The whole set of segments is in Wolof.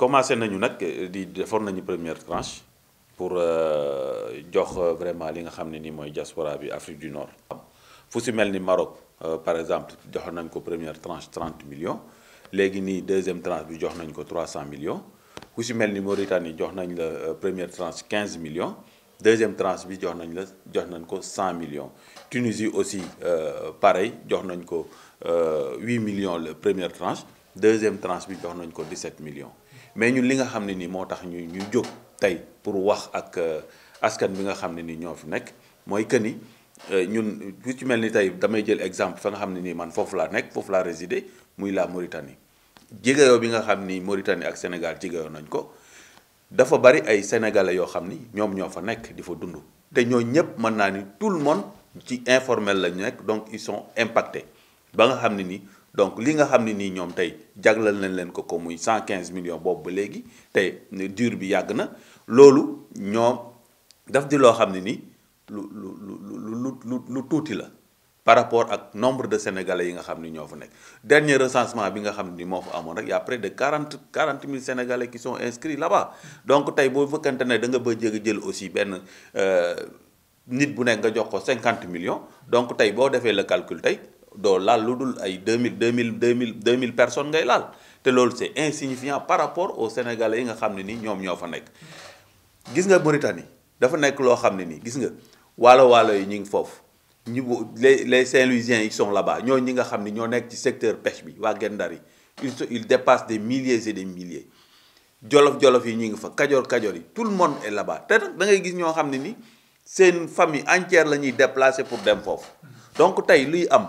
commencé nañu nak eh, di defoon première tranche pour euh, jox euh, vraiment li nga xamné ni moy mooy diaspora bi Afrique du Nord. fu si Maroc euh, par exemple jox nañ ko première tranche 30 millions légui ni deuxième tranche bi jox nañ ko 300 millions fu si Mauritanie jox nañ la première tranche 15 millions. deuxième tranche bi jox nañ la jox nañ ko 100 millions Tunisie aussi pareil jox nañ ko 8 millions la première tranche deuxième tranche bi jox nañ ko 17 millions mais ñun li nga xam ne nii moo tax ñu ñu jóg tey pour wax ak euh, askan bi nga xam ne nii ñoo fi nekk mooy que ni euh, ñun ku ci mel ni tey damay jël exemple fa nga xam ne nii man foofu laa nekk foofu laa résider muy la Mauritanie jigéeyoo bi nga xam ni Mauritanie ak Sénégal jigéeyoo nañ ko dafa bari ay sénégalais yoo xam ni ñoom ñoo fa nekk di fa dundu te ñoo ñëpp mën naa ni tout le monde ci informel la ñu nekk donc il sont impactés ba nga xam ne nii donc li nga xamni ni ñom tay tey jaglal nañ leen ko ko muy 115 millions bob ba tay ne dur bi yàgg na loolu ñoom daf di lo xamni ni lu lu lu lu lu tuuti la par rapport ak nombre de sénégalais yi nga xamni ñoo fa nek dernier recensement bi nga xamni mo fa amone rek y' a près de 40 40 000 sénégalais qui sont inscrits là-bas donc tay bo fekkante ne da nga ba jël aussi euh nit bu nekk nga jox ko 50 millions donc tay bo défé le calcul tay do la l'udul ay 2000, 2000, 2000 2000 personnes ngay laal té loolu c'est insignifiant par rapport aux sénégalais nga xamni ni ñom ñofa nek gis nga Mauritanie dafa nek lo xamni ni gis nga waalo waalo yi ñu ngi les les Saint-Louisiens ils sont là-bas ñoo ñi nga xamni ñoo ci secteur pêche bi wa Gendar ils ils dépassent des milliers et des milliers jolof jolof yi ñi ngi fa kadior kadior yi tout le monde est là-bas té nag da ngay gis ñoo xamni ni seen famille entière lañuy déplacer pour dem fofu donc tay luy am.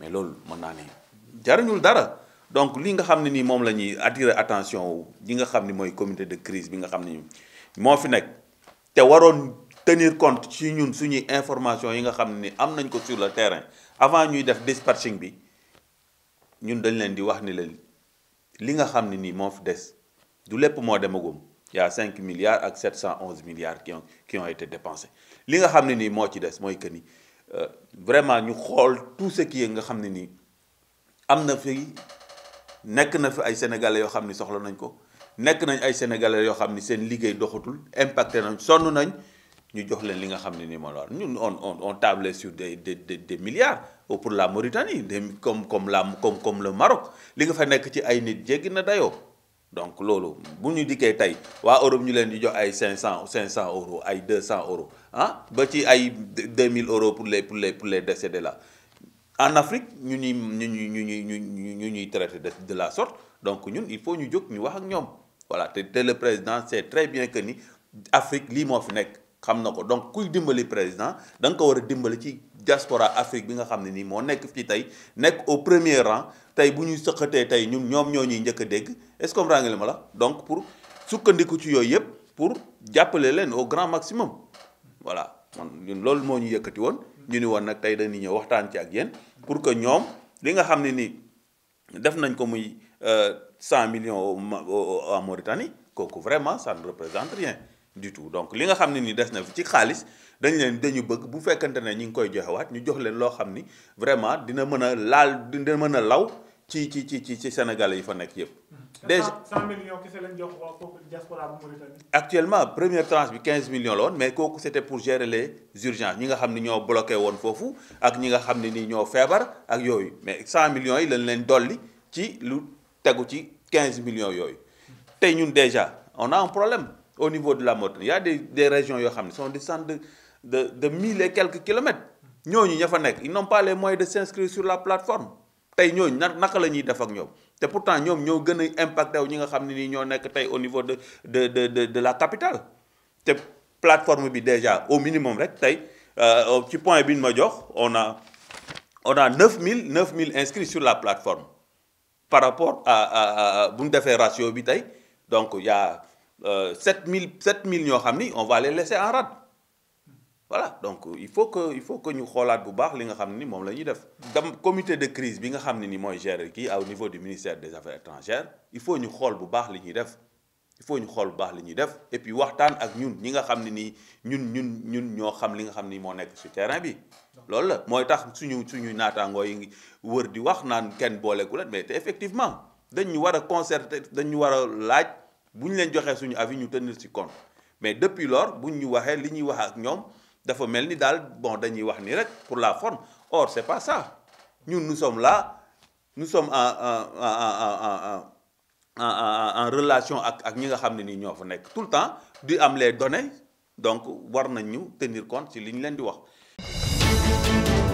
mais c'est ce que je dara donc li nga xamni ni c'est attirer attention nga comité de crise bi nga tenir compte ci ñun information yi nga am sur le terrain avant ñuy def dispatching bi ñun dañ leen di wax ni li nga fi du y a 5 milliards ak 711 milliards qui ont qui ont été dépensés li nga xamni ni que Euh, vraiment ñu xool tous ce nga xam ne nii am na fi nekk na fi ay sénégalais yoo xam ni soxla nañ ko nekk nañ ay sénégalais yoo xam ni seen liggéey doxatul impacté nañ sonn nañ ñu jox leen li nga xam ne nii moo la war ñun on on on table sur des des des milliards pour la Mauritanie des comme comme la comme comme le Maroc li nga fa nekk ci ay nit jéggi na dayoo. donc lolo bu nous dikkee que nous Europe ñu leen di jox ay 500 500 euros ay 200 euros ah ba ci ay 2000 euros pour les pour les pour les décédés là en Afrique nous nous ñu ñu ñu traité de la sorte donc nous, il faut ñu dire ñu wax ak voilà le président c'est très bien que ni Afrique ce moo fi nekk xam donc kuy dimbali président da nga ko a dimbali ci diaspora Afrique bi nga xam ne nii au premier rang tay bu ñuy tay ñun ñom ñoo ñi njëkk a dégg est-ce que comprendre nga li ma la donc pour sukkandiku ci yoy yëpp pour jappalé leen au grand maximum voilà man ñun lool mo ñu yëkëti won ñu ni woon nag tey dañuy ñëw waxtaan ci ak yeen pour que ñom li nga xam ni def nañ ko muy 100 euh, millions en Mauritanie kooku vraiment ça ne représente rien du tout donc li nga xam ni des na ci xaalis dañ leen dañu bëgg bu fekkante ne ñu ngi koy joxewaat ñu jox leen loo xam ni vraiment dina mën a laal dina mën a law ci ci ci ci Sénégalais yi fa nek yépp déjà 100 millions kese lañ jox waa diaspora bu Mauritanie. actuellement première tranche bi 15 millions mais koku c'était pour gérer les urgences ñi nga xamni ño bloqué le fofu ak ñi nga xamni ni ño ñoo ak yoy mais 100 millions yi lañ leen dolli ci lu tagu ci 15 millions yoy tey ñun déjà on a un problème au niveau de la Mauritanie il y a des des régions yo xamni sont des de de de mille et quelques kilomètres ñoñu ñafa nek ils n'ont pas les moyens de s'inscrire sur la plateforme tay ñoo naka def ak ñoom té pourtant ñoom ñoo gëna a impacté ñi nga xamni ñoo nek tay au niveau de de de de la capitale té plateforme bi déjà au minimum rek tey euh, ci point bi ñu ma jox on a on a 9000 9000 inscrits sur la plateforme par rapport à à à ratio bi tay donc y a 7000 euh, 7000 ñoo xamni on va les laisser en rade voilà donc euh, il faut que il faut que ñu xolat bu baax li nga xamni mom lañuy def dam comité de crise bi nga xamni ne ni mooy gérer kii au niveau du ministère des affaires étrangères il faut ñu xol bu baax li ñuy def il faut ñu xol bu baax li ñuy def et puis waxtaan ak ñun ñi nga xamni ni ñun ñun ñun ñoo xam li nga xamni mo moo nekk ci terrain bi lool la moy tax suñu suñu naataangoo yi wër di wax naan kenn booleeku mais effectivement dañ ñu wara concerter dañ ñu wara laaj buñ leen joxé suñu avis ñu tenir ci compte mais depuis lors buñ ñu waxé li ñuy wax ak ñom il ni bon pour la forme or c'est pas ça Nous, nous sommes là nous sommes en relation avec nous. tout le temps nous avons les données donc nous devons tenir compte de ce qu'ils